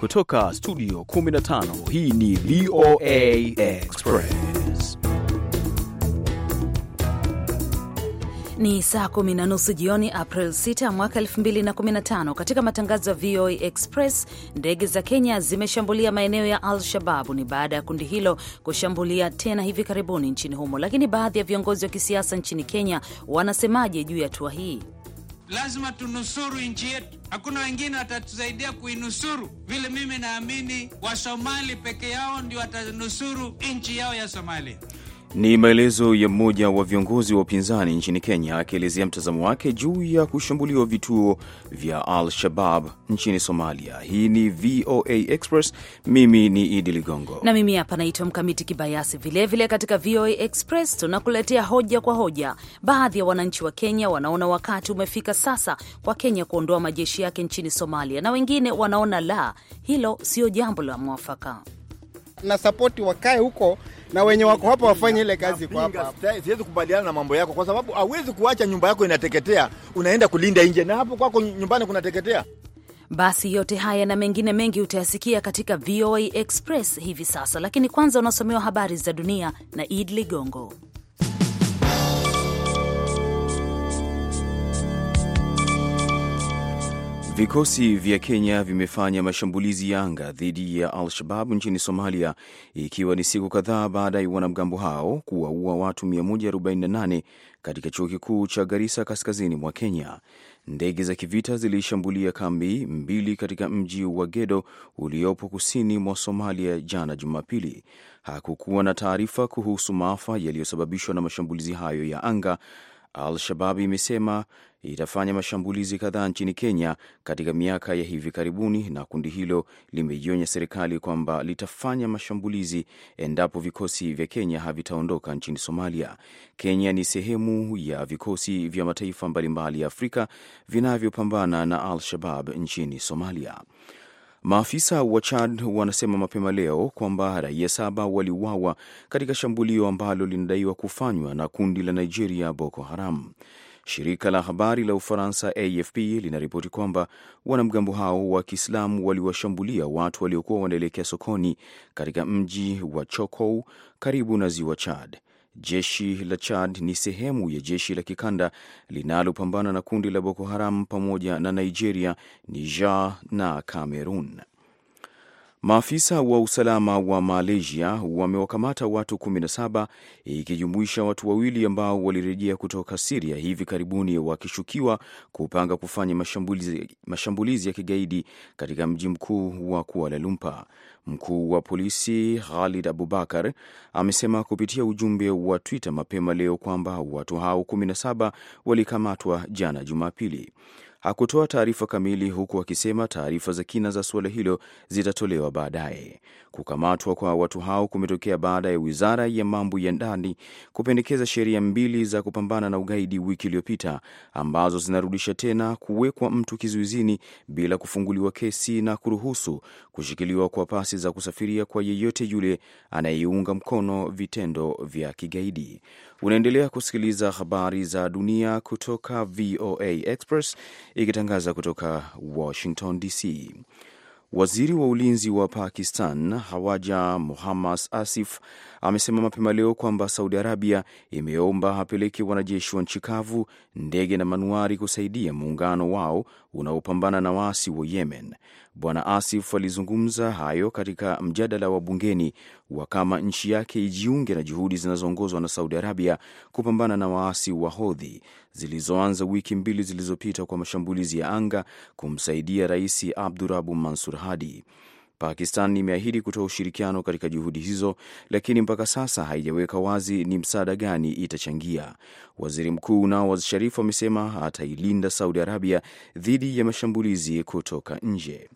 Kutoka studio 15 hii ni VOA Express. Ni saa kumi na nusu jioni April 6 mwaka 2015. Katika matangazo ya VOA Express, ndege za Kenya zimeshambulia maeneo ya Al-Shababu. Ni baada ya kundi hilo kushambulia tena hivi karibuni nchini humo. Lakini baadhi ya viongozi wa kisiasa nchini Kenya wanasemaje juu ya hatua hii? lazima tunusuru nchi yetu. Hakuna wengine watatusaidia kuinusuru vile. Mimi naamini Wasomali peke yao ndio watanusuru nchi yao ya Somalia. Ni maelezo ya mmoja wa viongozi wa upinzani nchini Kenya akielezea mtazamo wake juu ya kushambuliwa vituo vya Al-Shabab nchini Somalia. Hii ni VOA Express, mimi ni Idi Ligongo na mimi hapa naitwa Mkamiti Kibayasi. Vilevile katika VOA Express tunakuletea hoja kwa hoja. Baadhi ya wananchi wa Kenya wanaona wakati umefika sasa kwa Kenya kuondoa majeshi yake nchini Somalia, na wengine wanaona la, hilo sio jambo la mwafaka Nasapoti wakae huko na wenye wako hapa wafanye ile kazi kwa hapa. Siwezi kubaliana na mambo yako, kwa sababu hauwezi kuacha nyumba yako inateketea, unaenda kulinda nje, na hapo kwako nyumbani kunateketea. Basi yote haya na mengine mengi utayasikia katika VOA Express hivi sasa, lakini kwanza unasomewa habari za dunia na Id Ligongo. Vikosi vya Kenya vimefanya mashambulizi ya anga dhidi ya Al-Shabab nchini Somalia, ikiwa ni siku kadhaa baada ya wanamgambo hao kuwaua watu 148 katika chuo kikuu cha Garissa, kaskazini mwa Kenya. Ndege za kivita zilishambulia kambi mbili katika mji wa Gedo uliopo kusini mwa Somalia jana Jumapili. Hakukuwa na taarifa kuhusu maafa yaliyosababishwa na mashambulizi hayo ya anga Al-Shabab imesema itafanya mashambulizi kadhaa nchini Kenya katika miaka ya hivi karibuni, na kundi hilo limeionya serikali kwamba litafanya mashambulizi endapo vikosi vya Kenya havitaondoka nchini Somalia. Kenya ni sehemu ya vikosi vya mataifa mbalimbali ya Afrika vinavyopambana na Al-Shabab nchini Somalia. Maafisa wa Chad wanasema mapema leo kwamba raia saba waliuawa katika shambulio ambalo linadaiwa kufanywa na kundi la Nigeria Boko Haram. Shirika la habari la Ufaransa AFP linaripoti kwamba wanamgambo hao wa Kiislamu waliwashambulia watu waliokuwa wanaelekea sokoni katika mji wa Chokou karibu na ziwa Chad. Jeshi la Chad ni sehemu ya jeshi la kikanda linalopambana na kundi la Boko Haram pamoja na Nigeria, Niger na Cameroon. Maafisa wa usalama wa Malaysia wamewakamata watu 17 ikijumuisha watu wawili ambao walirejea kutoka Siria hivi karibuni wakishukiwa kupanga kufanya mashambulizi, mashambulizi ya kigaidi katika mji mkuu wa Kuala Lumpur. Mkuu wa polisi Khalid Abubakar amesema kupitia ujumbe wa Twitter mapema leo kwamba watu hao 17 walikamatwa jana Jumapili hakutoa taarifa kamili, huku akisema taarifa za kina za suala hilo zitatolewa baadaye. Kukamatwa kwa watu hao kumetokea baada ya wizara ya mambo ya ndani kupendekeza sheria mbili za kupambana na ugaidi wiki iliyopita, ambazo zinarudisha tena kuwekwa mtu kizuizini bila kufunguliwa kesi na kuruhusu kushikiliwa kwa pasi za kusafiria kwa yeyote yule anayeiunga mkono vitendo vya kigaidi. Unaendelea kusikiliza habari za dunia kutoka VOA Express ikitangaza kutoka Washington DC. Waziri wa ulinzi wa Pakistan Hawaja Muhammad Asif amesema mapema leo kwamba Saudi Arabia imeomba apeleke wanajeshi wa nchi kavu, ndege na manuari kusaidia muungano wao unaopambana na waasi wa Yemen. Bwana Asif alizungumza hayo katika mjadala wa bungeni wa kama nchi yake ijiunge na juhudi zinazoongozwa na Saudi Arabia kupambana na waasi wa Hodhi zilizoanza wiki mbili zilizopita kwa mashambulizi ya anga kumsaidia Rais Abdurabu Mansur Hadi. Pakistan imeahidi kutoa ushirikiano katika juhudi hizo, lakini mpaka sasa haijaweka wazi ni msaada gani itachangia. Waziri Mkuu Nawaz Sharif amesema atailinda Saudi Arabia dhidi ya mashambulizi kutoka nje.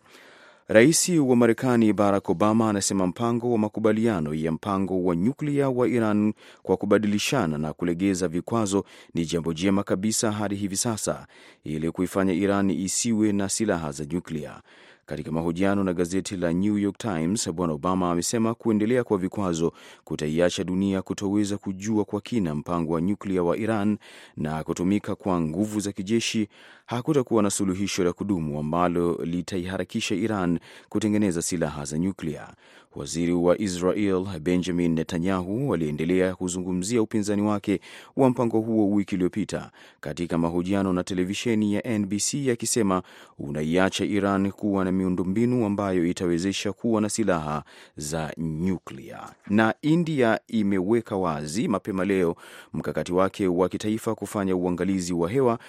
Rais wa Marekani Barack Obama anasema mpango wa makubaliano ya mpango wa nyuklia wa Iran kwa kubadilishana na kulegeza vikwazo ni jambo jema kabisa hadi hivi sasa ili kuifanya Iran isiwe na silaha za nyuklia. Katika mahojiano na gazeti la New York Times, Bwana Obama amesema kuendelea kwa vikwazo kutaiacha dunia kutoweza kujua kwa kina mpango wa nyuklia wa Iran na kutumika kwa nguvu za kijeshi hakutakuwa na suluhisho la kudumu ambalo litaiharakisha Iran kutengeneza silaha za nyuklia. Waziri wa Israel Benjamin Netanyahu aliendelea kuzungumzia upinzani wake wa mpango huo wiki iliyopita katika mahojiano na televisheni ya NBC akisema unaiacha Iran kuwa na miundombinu ambayo itawezesha kuwa na silaha za nyuklia. Na India imeweka wazi mapema leo mkakati wake wa kitaifa kufanya uangalizi wa hewa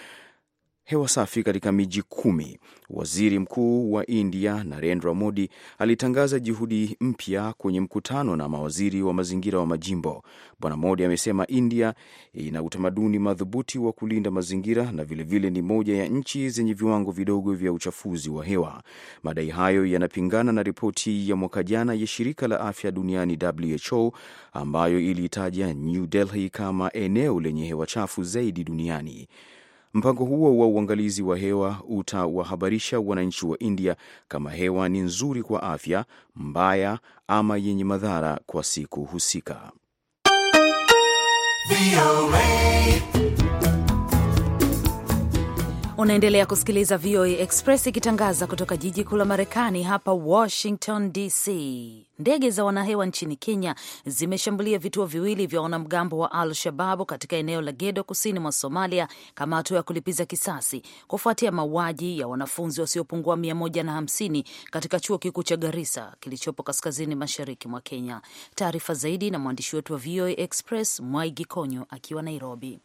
hewa safi katika miji kumi. Waziri Mkuu wa India Narendra Modi alitangaza juhudi mpya kwenye mkutano na mawaziri wa mazingira wa majimbo. Bwana Modi amesema India ina utamaduni madhubuti wa kulinda mazingira na vilevile vile ni moja ya nchi zenye viwango vidogo vya uchafuzi wa hewa. Madai hayo yanapingana na ripoti ya mwaka jana ya shirika la afya duniani WHO ambayo iliitaja New Delhi kama eneo lenye hewa chafu zaidi duniani. Mpango huo wa uangalizi wa hewa utawahabarisha wananchi wa India kama hewa ni nzuri kwa afya, mbaya ama yenye madhara kwa siku husika. Unaendelea kusikiliza VOA Express ikitangaza kutoka jiji kuu la Marekani, hapa Washington DC. Ndege za wanahewa nchini Kenya zimeshambulia vituo viwili vya wanamgambo wa Al Shababu katika eneo la Gedo, kusini mwa Somalia, kama hatua ya kulipiza kisasi kufuatia mauaji ya wanafunzi wasiopungua 150 katika chuo kikuu cha Garisa kilichopo kaskazini mashariki mwa Kenya. Taarifa zaidi na mwandishi wetu wa VOA Express Mwaigi Konyo akiwa Nairobi.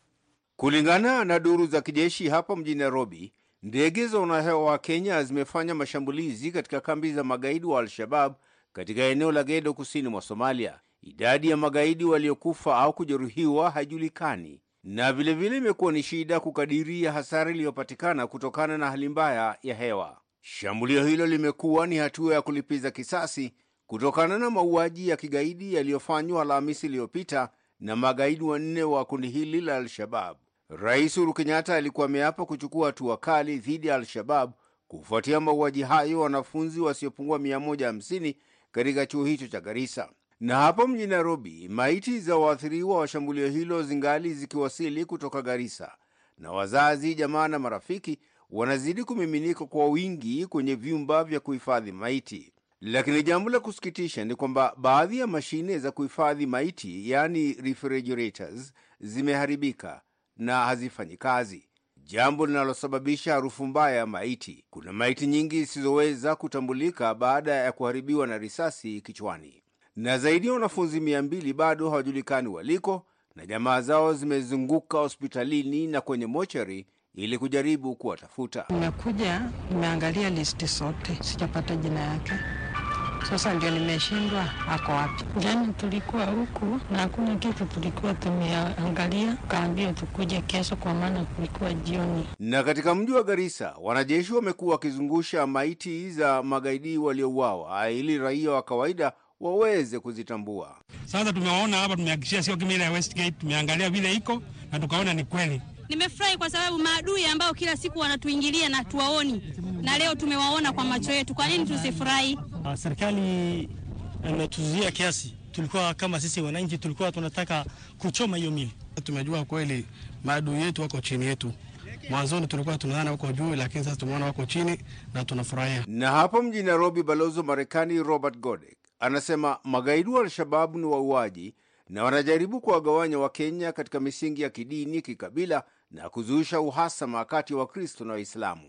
Kulingana na duru za kijeshi hapa mjini Nairobi, ndege za wanahewa wa Kenya zimefanya mashambulizi katika kambi za magaidi wa Al-Shabab katika eneo la Gedo kusini mwa Somalia. Idadi ya magaidi waliokufa au kujeruhiwa haijulikani, na vilevile imekuwa ni shida kukadiria hasara iliyopatikana kutokana na hali mbaya ya hewa. Shambulio hilo limekuwa ni hatua ya kulipiza kisasi kutokana na mauaji ya kigaidi yaliyofanywa Alhamisi iliyopita na magaidi wanne wa kundi hili la Al-Shabab. Rais Uhuru Kenyatta alikuwa ameapa kuchukua hatua kali dhidi ya Al-Shabab kufuatia mauaji hayo wanafunzi wasiopungua 150 katika chuo hicho cha Garissa. Na hapo mjini Nairobi, maiti za waathiriwa wa shambulio hilo zingali zikiwasili kutoka Garissa, na wazazi, jamaa na marafiki wanazidi kumiminika kwa wingi kwenye vyumba vya kuhifadhi maiti. Lakini jambo la kusikitisha ni kwamba baadhi ya mashine za kuhifadhi maiti, yaani refrigerators, zimeharibika na hazifanyi kazi, jambo linalosababisha harufu mbaya ya maiti. Kuna maiti nyingi zisizoweza kutambulika baada ya kuharibiwa na risasi kichwani, na zaidi ya wanafunzi mia mbili bado hawajulikani waliko, na jamaa zao zimezunguka hospitalini na kwenye mochari ili kujaribu kuwatafuta. Nimekuja nimeangalia listi zote, sijapata jina yake. Sasa ndio nimeshindwa, ako wapi? Jana yaani tulikuwa huku na hakuna kitu, tulikuwa tumeangalia, kaambia tukuje kesho, kwa maana kulikuwa jioni. Na katika mji wa Garissa wanajeshi wamekuwa wakizungusha maiti za magaidi waliouawa ili raia wa kawaida waweze kuzitambua. Sasa tumewaona hapa, tumehakikishia sio kimila ya Westgate, tumeangalia vile iko na tukaona ni kweli. Nimefurahi kwa sababu maadui ambao kila siku wanatuingilia na tuwaoni, na leo tumewaona kwa macho yetu. Kwa nini tusifurahi? Ah, serikali imetuzuia kiasi, tulikuwa kama sisi wananchi tulikuwa tunataka kuchoma hiyo mili. Tumejua kweli maadui yetu wako chini yetu. Mwanzoni tulikuwa tunaana wako juu, lakini sasa tumeona wako chini na tunafurahia. Na hapo mjini Nairobi, balozi wa Marekani Robert Godek anasema magaidi wa Al-Shababu ni wauaji na wanajaribu kuwagawanya Wakenya katika misingi ya kidini, kikabila na kuzuisha uhasama kati ya Wakristo na Waislamu.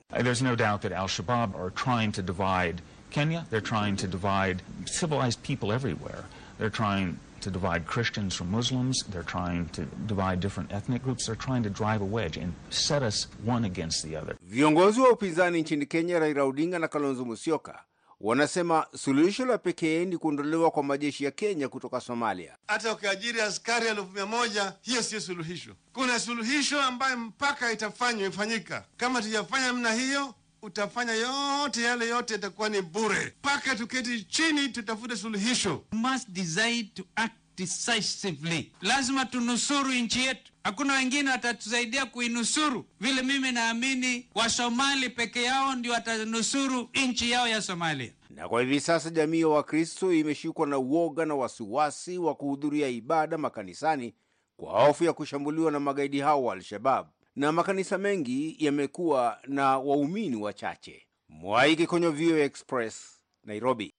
Kenya, they're trying to divide civilized people everywhere. They're trying to divide Christians from Muslims. They're trying to divide different ethnic groups. They're trying to drive a wedge and set us one against the other. Viongozi wa upinzani nchini Kenya, Raila Odinga na Kalonzo Musyoka, wanasema suluhisho la pekee ni kuondolewa kwa majeshi ya Kenya kutoka Somalia. Hata ukiajiri askari elfu mia moja hiyo siyo suluhisho. Kuna suluhisho ambayo mpaka itafanywa ifanyika. Kama tujafanya mna hiyo utafanya yote yale yote yatakuwa ni bure, mpaka tuketi chini tutafute suluhisho. Must decide to act decisively. Lazima tunusuru nchi yetu, hakuna wengine watatusaidia kuinusuru vile. Mimi naamini Wasomali peke yao ndio watanusuru nchi yao ya Somalia. Na kwa hivi sasa jamii ya Wakristo imeshikwa na uoga na wasiwasi wa kuhudhuria ibada makanisani kwa hofu ya kushambuliwa na magaidi hao wa al shababu na makanisa mengi yamekuwa na waumini wachache. mwaiki kwenye VOA Express, Nairobi.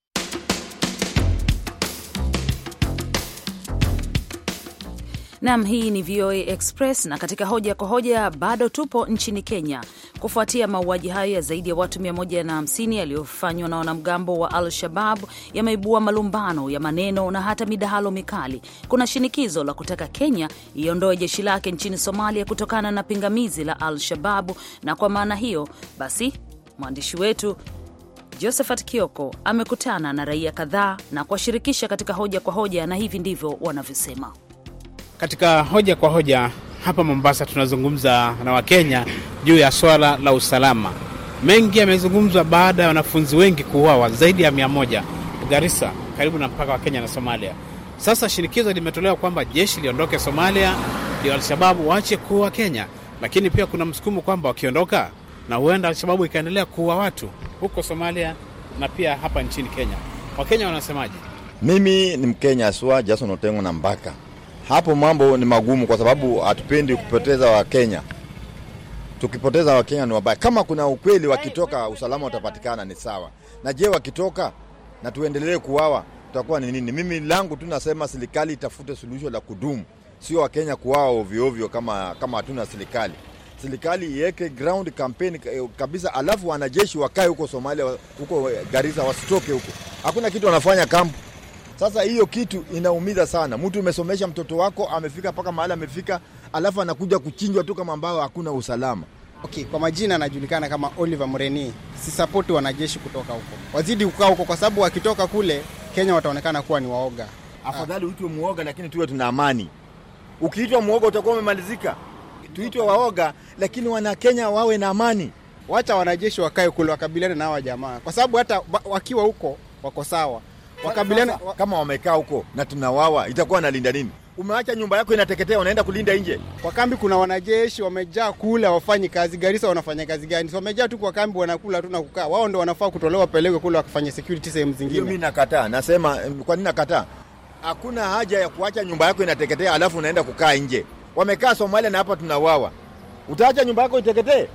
Nam, hii ni VOA Express na katika hoja kwa hoja bado tupo nchini Kenya kufuatia mauaji hayo ya zaidi ya watu 150 yaliyofanywa na wanamgambo wa Al Shabab yameibua malumbano ya maneno na hata midahalo mikali. Kuna shinikizo la kutaka Kenya iondoe jeshi lake nchini Somalia kutokana na pingamizi la Al Shababu, na kwa maana hiyo basi mwandishi wetu Josephat Kioko amekutana na raia kadhaa na kuwashirikisha katika hoja kwa hoja, na hivi ndivyo wanavyosema. Katika hoja kwa hoja hapa Mombasa tunazungumza na Wakenya juu ya swala la usalama. Mengi yamezungumzwa baada ya wanafunzi wengi kuuawa zaidi ya mia moja Garissa, karibu na mpaka wa Kenya na Somalia. Sasa shinikizo limetolewa kwamba jeshi liondoke Somalia, ndio Alshababu waache kuua Kenya, lakini pia kuna msukumo kwamba wakiondoka na huenda Alshababu ikaendelea kuua watu huko Somalia na pia hapa nchini Kenya. Wakenya wanasemaje? Mimi ni Mkenya aswa Jason Otengo na Mbaka hapo mambo ni magumu, kwa sababu hatupendi kupoteza Wakenya. Tukipoteza Wakenya ni wabaya. Kama kuna ukweli, wakitoka usalama utapatikana, ni sawa. Na je, wakitoka na tuendelee kuwawa, tutakuwa ni nini? Mimi langu tu nasema serikali itafute suluhisho la kudumu, sio Wakenya kuwawa ovyo ovyo kama kama hatuna serikali. Serikali iweke ground campaign eh, kabisa, alafu wanajeshi wakae huko Somalia, huko eh, Garissa, wasitoke huko. Hakuna kitu wanafanya kampu sasa hiyo kitu inaumiza sana. Mtu umesomesha mtoto wako amefika mpaka mahali amefika, alafu anakuja kuchinjwa tu kama ambao hakuna usalama. Okay, kwa majina anajulikana kama Oliver Mureni. Sisapoti wanajeshi kutoka huko, wazidi kukaa huko kwa sababu wakitoka kule Kenya wataonekana kuwa ni waoga. Afadhali uitwe muoga, lakini tuwe tuna amani. Ukiitwa muoga utakuwa umemalizika. Tuitwe waoga, lakini Wanakenya wawe na amani. Wacha wanajeshi wakae kule, wakabiliane na hawa jamaa, kwa sababu hata wakiwa huko wako sawa wakabiliana kama wamekaa huko na tunawawa, itakuwa nalinda nini? Umeacha nyumba yako inateketea, unaenda kulinda nje kwa kambi. Kuna wanajeshi wamejaa kule, wafanyi kazi. Garisa, wanafanya kazi gani? So wamejaa tu kwa kambi, wanakula tu na kukaa. Wao ndo wanafaa kutolewa, wapelekwe kule wakafanya security sehemu zingine. Mimi nakataa, nasema. Eh, kwa nini nakataa? Hakuna haja ya kuacha nyumba yako inateketea alafu unaenda kukaa nje. Wamekaa Somalia na hapa tunawawa, utaacha nyumba yako iteketee?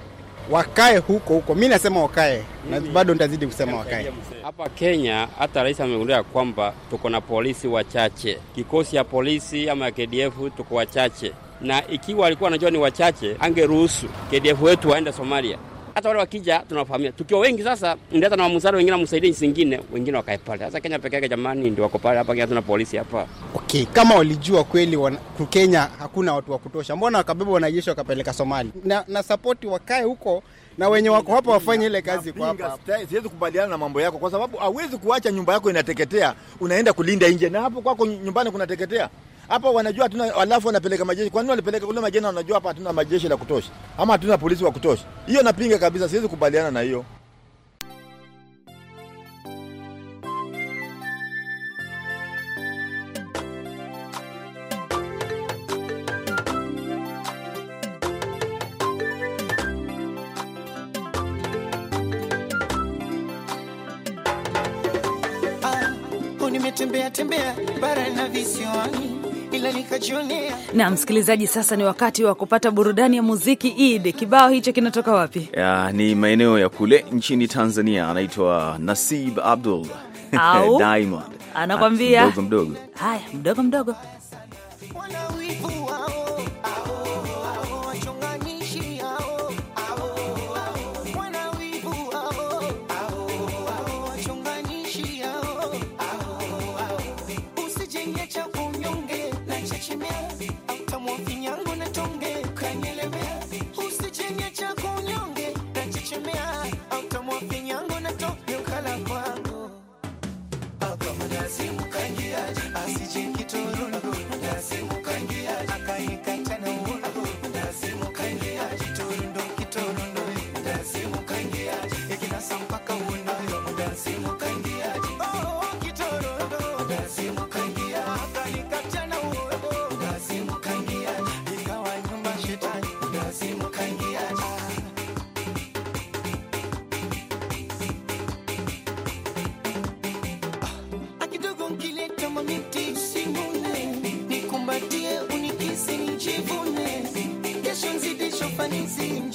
wakae huko huko. Mi nasema wakae na bado nitazidi kusema wakae hapa Kenya. Hata rais amegundua ya kwamba tuko na polisi wachache, kikosi ya polisi ama ya KDF tuko wachache, na ikiwa alikuwa anajua ni wachache, angeruhusu KDF wetu waende Somalia hata wale wakija tunawafahamia. Tukiwa wengi sasa, ndio na wamusari wengine wamsaidie nchi zingine, wengine wakae pale. Sasa Kenya peke yake jamani, ndio wako pale hapa. Kenya tuna polisi hapa. Okay, kama walijua kweli wana, Kenya hakuna watu wa kutosha, mbona wakabeba wanajeshi wakapeleka Somali? Na, na sapoti wakae huko na wenye wako hapa wafanye ile kazi kwa hapa. Siwezi kubaliana na mambo yako, kwa sababu hauwezi kuacha nyumba yako inateketea, unaenda kulinda nje, na hapo kwako nyumbani kunateketea hapa wanajua hatuna, alafu wanapeleka majeshi. Kwa nini walipeleka kule majeshi? Wanajua hapa hatuna majeshi la kutosha, ama hatuna polisi wa kutosha. Hiyo napinga kabisa, siwezi kubaliana na hiyo. Ah, Nimetembea tembea bara na visiwani na msikilizaji, sasa ni wakati wa kupata burudani ya muziki. Id, kibao hicho kinatoka wapi? Ya, ni maeneo ya kule nchini Tanzania, anaitwa Nasib Abdul Diamond anakwambia mdogo mdogo. Haya, mdogo mdogo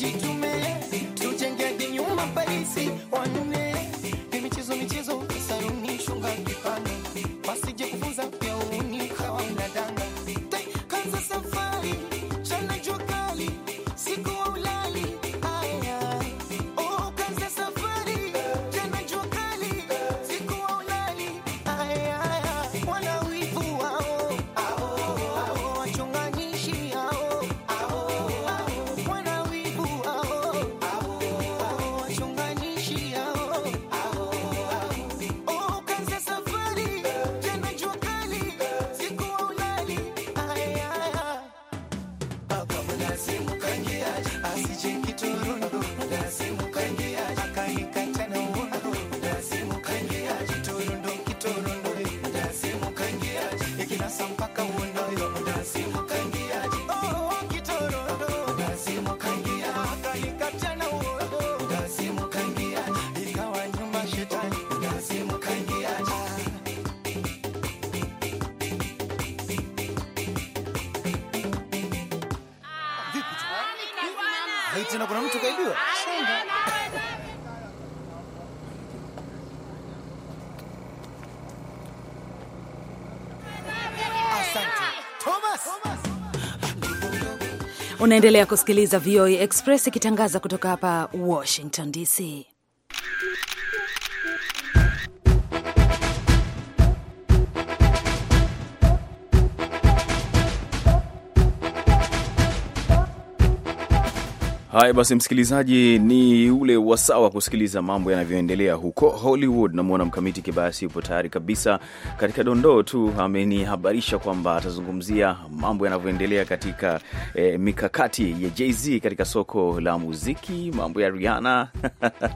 mjitume tujenge nyumba baisi wanaume tena kuna mtu kaibiwa? Unaendelea kusikiliza VOA Express ikitangaza kutoka hapa Washington DC. Haya basi, msikilizaji, ni ule wasawa kusikiliza mambo yanavyoendelea huko Hollywood. Namwona Mkamiti Kibayasi yupo tayari kabisa, katika dondoo tu amenihabarisha kwamba atazungumzia mambo yanavyoendelea katika eh, mikakati ya Jay-Z katika soko la muziki, mambo ya Rihanna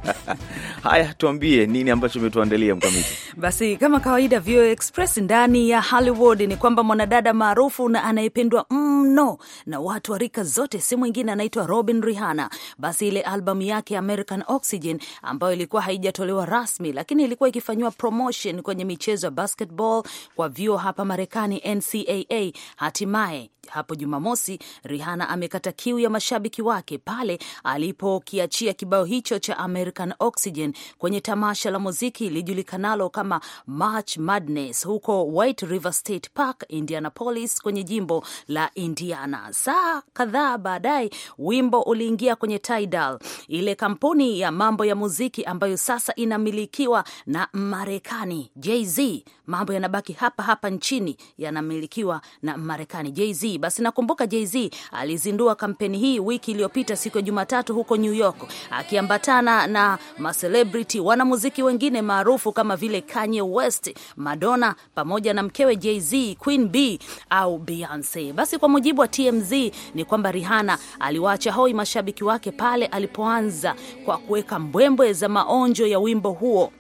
haya, tuambie nini ambacho umetuandalia Mkamiti? Basi kama kawaida, VOA Express ndani ya Hollywood ni kwamba mwanadada maarufu na anayependwa mno mm, na watu wa rika zote, si mwingine anaitwa Robin Rihanna sana, basi ile albamu yake American Oxygen ambayo ilikuwa haijatolewa rasmi, lakini ilikuwa ikifanyiwa promotion kwenye michezo ya basketball kwa vyuo hapa Marekani, NCAA. Hatimaye hapo Jumamosi, Rihanna amekata kiu ya mashabiki wake pale alipokiachia kibao hicho cha American Oxygen kwenye tamasha la muziki lijulikanalo kama March Madness huko White River State Park, Indianapolis, kwenye jimbo la Indiana. Saa kadhaa baadaye wimbo uli kuingia kwenye Tidal, ile kampuni ya mambo ya muziki ambayo sasa inamilikiwa na Marekani. Jay-Z, mambo yanabaki hapa hapa nchini, yanamilikiwa na Marekani. Jay-Z, basi nakumbuka Jay-Z alizindua kampeni hii wiki iliyopita siku ya Jumatatu huko New York akiambatana na macelebrity wanamuziki wengine maarufu kama vile Kanye West, Madonna pamoja na mkewe Jay-Z, Queen B au Beyonce. Basi kwa mujibu wa TMZ ni kwamba Rihanna aliwaacha hoi mashabiki mashabiki wake pale alipoanza kwa kuweka mbwembwe za maonjo ya wimbo huo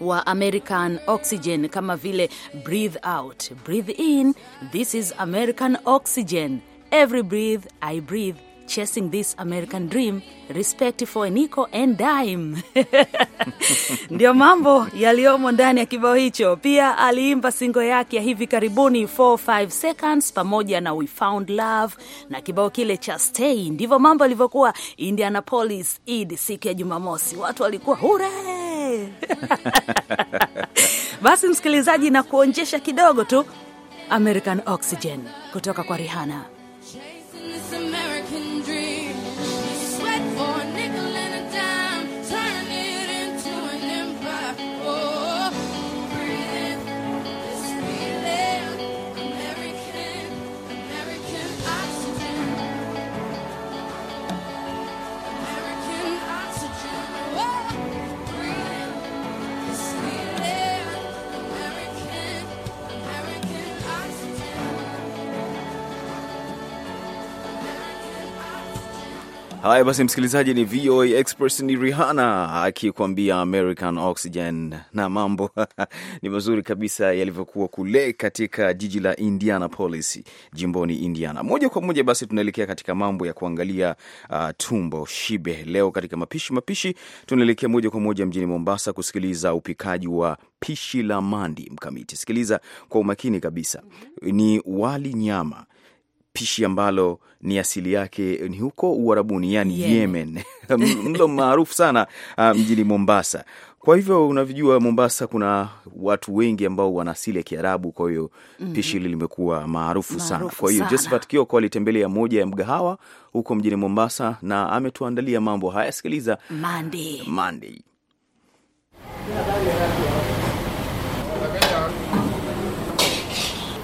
wa American Oxygen kama vile breathe out, breathe in, this is American Oxygen, every breath I breathe Chasing This American Dream, Respect for Nico and Dime. Ndiyo mambo yaliyomo ndani ya kibao hicho. Pia aliimba singo yake ya hivi karibuni 45 Seconds pamoja na We Found Love na kibao kile cha Stay. Ndivyo mambo yalivyokuwa Indianapolis Id siku ya Jumamosi, watu walikuwa hure Basi msikilizaji, na kuonjesha kidogo tu American Oxygen kutoka kwa Rihanna. Haya basi, msikilizaji, ni VOA Express, ni Rihanna akikuambia American Oxygen, na mambo ni mazuri kabisa yalivyokuwa kule katika jiji la Indianapolis, jimboni Indiana. Moja kwa moja basi tunaelekea katika mambo ya kuangalia uh, tumbo shibe. Leo katika mapishi mapishi, tunaelekea moja kwa moja mjini Mombasa kusikiliza upikaji wa pishi la mandi mkamiti. Sikiliza kwa umakini kabisa, ni wali nyama pishi ambalo ni asili yake ni huko Uarabuni, yani yeah. Yemen mlo maarufu sana ah, mjini Mombasa. Kwa hivyo unavyojua, Mombasa kuna watu wengi ambao wana asili ya Kiarabu, kwa hiyo mm -hmm. pishi hili limekuwa maarufu sana. Kwa hiyo Josephat Kioko alitembelea moja ya mgahawa huko mjini Mombasa na ametuandalia mambo haya. Sikiliza Monday. Monday.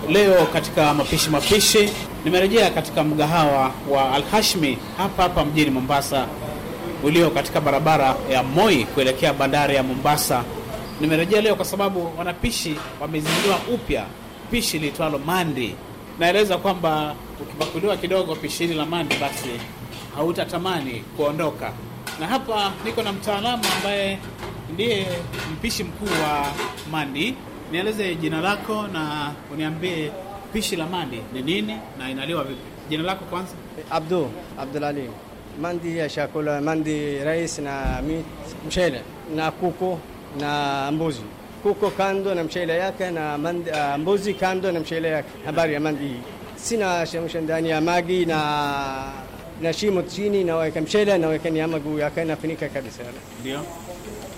Leo katika mapishi mapishi, nimerejea katika mgahawa wa Alhashmi hapa hapa mjini Mombasa ulio katika barabara ya Moi kuelekea bandari ya Mombasa. Nimerejea leo kwa sababu wanapishi wamezindua upya pishi liitwalo mandi. Naeleza kwamba ukipakuliwa kidogo pishi hili la mandi, basi hautatamani kuondoka. Na hapa niko na mtaalamu ambaye ndiye mpishi mkuu wa mandi nieleze jina lako na uniambie pishi la mandi ni nini na inaliwa vipi? Jina lako kwanza. Abdu Abdulali. Mandi ya chakula, mandi rais na meat, mchele na kuku na mbuzi. Kuku kando na mchele yake na mandi, uh, mbuzi kando na mchele yake. Habari ya mandi hii, sina shemsha ndani ya magi na na shimo chini, naweka mchele, naweka nyama juu yake, nafunika kabisa. Ndio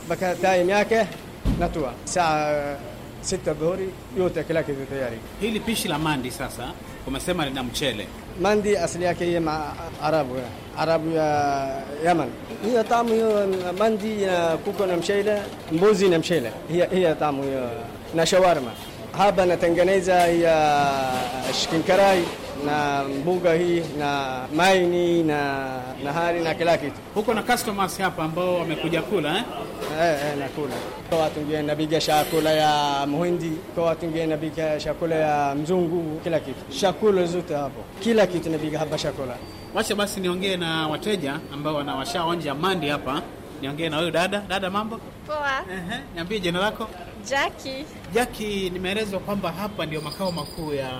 baka time yake natua saa sekta gori yote yake iko tayari. Hili pishi la mandi sasa umesema lina mchele. Mandi asili yake ya Arabu ya, arabu ya Yaman. Hiyo tamu hiyo mandi ya kuku na mchele, mbuzi na mchele, hiyo tamu hiyo, na shawarma hapa natengeneza ya shikinkarai na mbuga hii na maini na nahari na kila kitu. Huko na customers hapa ambao wamekuja kula eh? Eh, eh, nakula kwa watu na napiga chakula ya muhindi, kwa watu na biga chakula ya mzungu, kila kitu, chakula zote hapo, kila kitu napiga hapa chakula. Wacha basi niongee na wateja ambao wanawashaonja mandi hapa. Niongee na huyu dada. Dada, mambo poa? Ehe, niambie jina lako. Jaki. Jackie, nimeelezwa kwamba hapa ndio makao makuu ya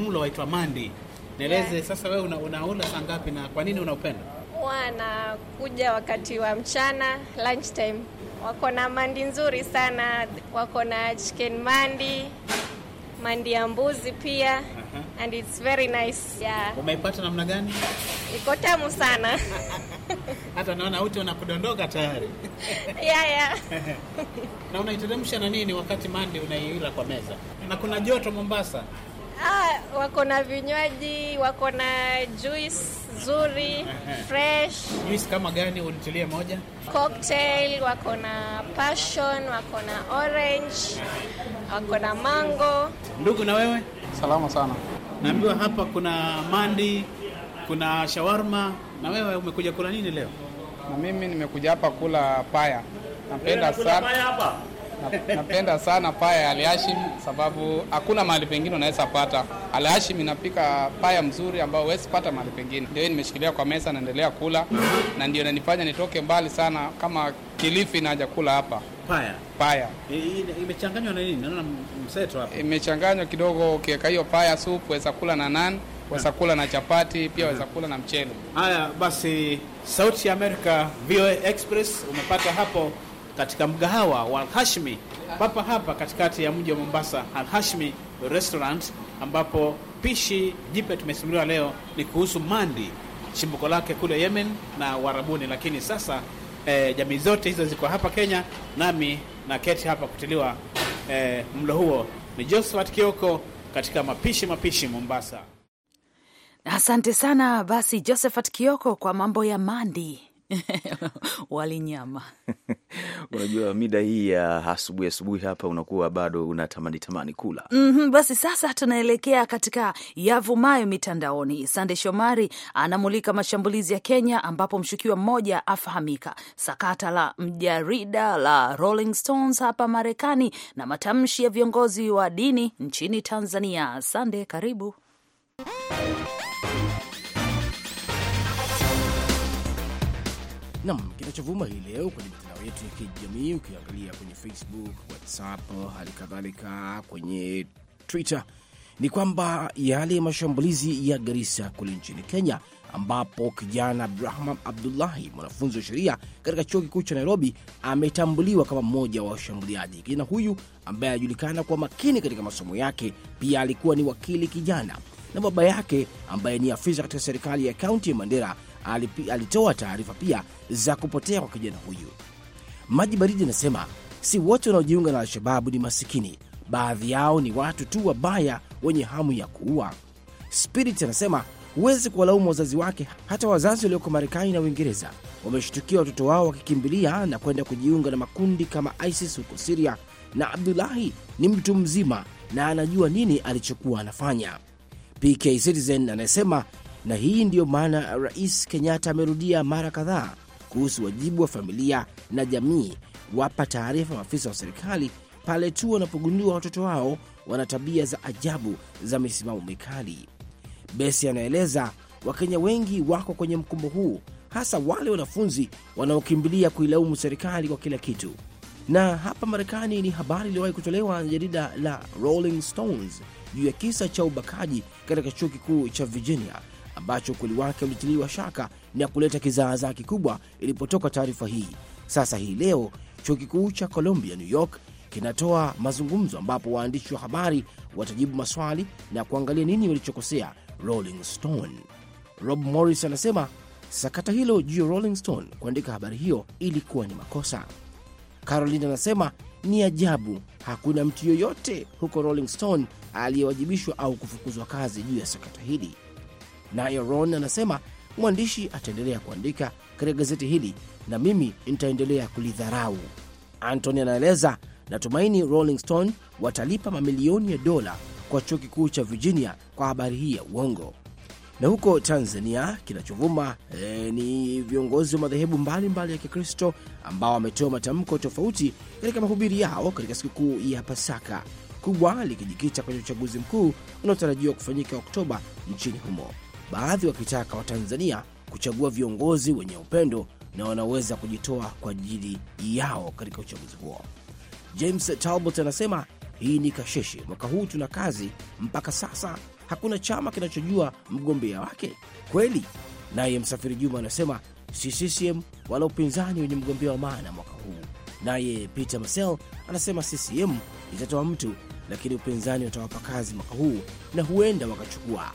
mlo waitwa mandi. Nieleze yeah. Sasa wewe unaula una saa ngapi na kwa nini unaupenda? Wanakuja wakati wa mchana lunch time, wako na mandi nzuri sana, wako na chicken mandi, mandi ya mbuzi pia. Uh-huh. And it's very nice yeah. Umeipata namna gani? Iko tamu sana hata naona uti unakudondoka tayari yeah, yeah. na unaiteremsha na nini wakati mandi unaiila kwa meza, na kuna joto Mombasa Ah, wako na vinywaji, wako na juice nzuri fresh. Juice kama gani? Unitilie moja. Cocktail wako na passion, wako na orange, wako na mango. Ndugu, na wewe salama sana. Naambiwa hapa kuna mandi, kuna shawarma. Na wewe umekuja kula nini leo? Na mimi nimekuja hapa kula paya. Napenda sana. Paya hapa. Napenda sana paya ya Alhashim sababu hakuna mahali pengine unaweza pata. Alhashim inapika paya mzuri ambao huwezi pata mahali pengine. Ndio nimeshikilia kwa meza, naendelea kula na ndio inanifanya nitoke mbali sana, kama Kilifi naja kula hapa paya paya. Imechanganywa na nini? Naona mseto hapa imechanganywa kidogo, ukiweka hiyo paya supu weza kula na nan, weza kula na chapati pia, weza mm-hmm. kula na mchele. Haya basi, Sauti ya Amerika VOA Express umepata hapo katika mgahawa wa Alhashmi papa hapa katikati ya mji wa Mombasa, Alhashmi Restaurant, ambapo pishi jipya tumesimuliwa leo ni kuhusu mandi, chimbuko lake kule Yemen na Warabuni, lakini sasa e, jamii zote hizo ziko hapa Kenya, nami na keti hapa kutiliwa e, mlo huo. Ni Josephat Kioko katika mapishi mapishi Mombasa. Asante sana basi Josephat Kioko kwa mambo ya mandi. wali nyama unajua, mida hii ya asubuhi asubuhi hapa unakuwa bado unatamani tamani kula. mm -hmm, basi sasa tunaelekea katika yavumayo mitandaoni. Sande Shomari anamulika mashambulizi ya Kenya ambapo mshukiwa mmoja afahamika, sakata la mjarida la Rolling Stones hapa Marekani na matamshi ya viongozi wa dini nchini Tanzania. Sande, karibu Nam, kinachovuma hii leo kwenye mitandao yetu ya kijamii, ukiangalia kwenye Facebook, WhatsApp, hali kadhalika kwenye Twitter, ni kwamba yale mashambulizi ya Garissa kule nchini Kenya, ambapo kijana Abdurahman Abdullahi, mwanafunzi wa sheria katika chuo kikuu cha Nairobi, ametambuliwa kama mmoja wa washambuliaji. Kijana huyu ambaye anajulikana kwa makini katika masomo yake, pia alikuwa ni wakili kijana, na baba yake ambaye ni afisa katika serikali ya kaunti ya Mandera alipi, alitoa taarifa pia za kupotea kwa kijana huyu. Maji Baridi anasema si wote wanaojiunga na Al-Shababu ni masikini, baadhi yao ni watu tu wabaya wenye hamu ya kuua. Spirit anasema huwezi kuwalaumu wazazi wake. Hata wazazi walioko Marekani na Uingereza wameshtukia watoto wao wakikimbilia na kwenda kujiunga na makundi kama ISIS huko Siria, na Abdulahi ni mtu mzima na anajua nini alichokuwa anafanya. PK Citizen anayesema na hii ndiyo maana Rais Kenyatta amerudia mara kadhaa kuhusu wajibu wa familia na jamii wapa taarifa maafisa wa serikali pale tu wanapogundua watoto wao wana tabia za ajabu za misimamo mikali. Besi anaeleza Wakenya wengi wako kwenye mkumbo huu, hasa wale wanafunzi wanaokimbilia kuilaumu serikali kwa kila kitu. Na hapa Marekani ni habari iliyowahi kutolewa na jarida la Rolling Stones juu ya kisa cha ubakaji katika chuo kikuu cha Virginia ambacho ukweli wake ulitiliwa shaka na kuleta kizaazaa kikubwa ilipotoka taarifa hii. Sasa hii leo chuo kikuu cha Columbia New York kinatoa mazungumzo ambapo waandishi wa habari watajibu maswali na kuangalia nini walichokosea Rolling Stone. Rob Morris anasema sakata hilo juu ya Rolling Stone kuandika habari hiyo ilikuwa ni makosa. Caroline anasema ni ajabu, hakuna mtu yoyote huko Rolling Stone aliyewajibishwa au kufukuzwa kazi juu ya sakata hili. Naye Ron anasema mwandishi ataendelea kuandika katika gazeti hili na mimi nitaendelea kulidharau. Antony anaeleza, natumaini Rolling Stone watalipa mamilioni ya dola kwa chuo kikuu cha Virginia kwa habari hii ya uongo. Na huko Tanzania kinachovuma e, ni viongozi wa madhehebu mbalimbali ya Kikristo ambao wametoa matamko tofauti katika mahubiri yao katika sikukuu ya Pasaka, kubwa likijikita kwenye uchaguzi mkuu unaotarajiwa kufanyika Oktoba nchini humo baadhi wakitaka Watanzania kuchagua viongozi wenye upendo na wanaweza kujitoa kwa ajili yao katika uchaguzi huo. James Talbot anasema hii ni kasheshe. Mwaka huu tuna kazi, mpaka sasa hakuna chama kinachojua mgombea wake kweli. Naye Msafiri Juma anasema si CCM wala upinzani wenye mgombea wa maana mwaka huu. Naye Peter Masel anasema CCM itatoa mtu, lakini upinzani watawapa kazi mwaka huu na huenda wakachukua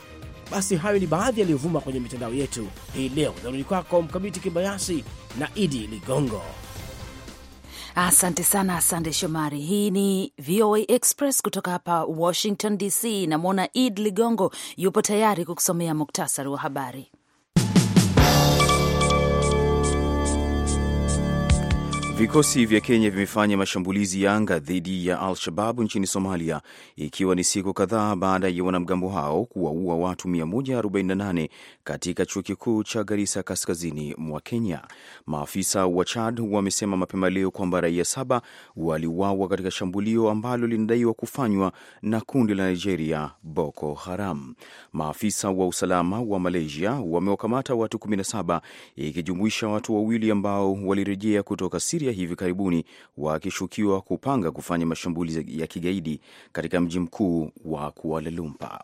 basi hayo ni baadhi yaliyovuma kwenye mitandao yetu hii leo. Narudi kwako Mkamiti Kibayasi na Idi Ligongo. Asante sana, Sande Shomari. Hii ni VOA Express kutoka hapa Washington DC. Namwona Id Ligongo yupo tayari kukusomea muktasari wa habari. Vikosi vya Kenya vimefanya mashambulizi ya anga dhidi ya al shabab nchini Somalia, ikiwa ni siku kadhaa baada ya wanamgambo hao kuwaua watu 148 katika chuo kikuu cha Garisa, kaskazini mwa Kenya. Maafisa wa Chad wamesema mapema leo kwamba raia saba waliuawa katika shambulio ambalo linadaiwa kufanywa na kundi la Nigeria, Boko Haram. Maafisa wa usalama wa Malaysia wamewakamata watu 17 ikijumuisha watu wawili ambao walirejea kutoka Siria ya hivi karibuni wakishukiwa kupanga kufanya mashambulizi ya kigaidi katika mji mkuu wa Kuala Lumpur.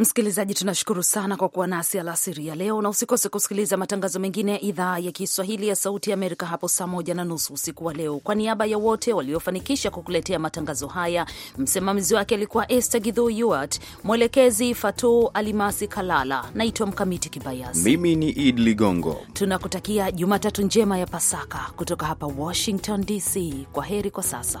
Msikilizaji, tunashukuru sana kwa kuwa nasi alasiri ya leo, na usikose kusikiliza matangazo mengine ya idhaa ya Kiswahili ya Sauti ya Amerika hapo saa moja na nusu usiku wa leo. Kwa niaba ya wote waliofanikisha kukuletea matangazo haya, msimamizi wake alikuwa Esther Gidhu Yuart, mwelekezi fatu Alimasi Kalala. Naitwa Mkamiti Kibayasi, mimi ni id Ligongo. Tunakutakia Jumatatu njema ya Pasaka kutoka hapa Washington DC. Kwa heri kwa sasa.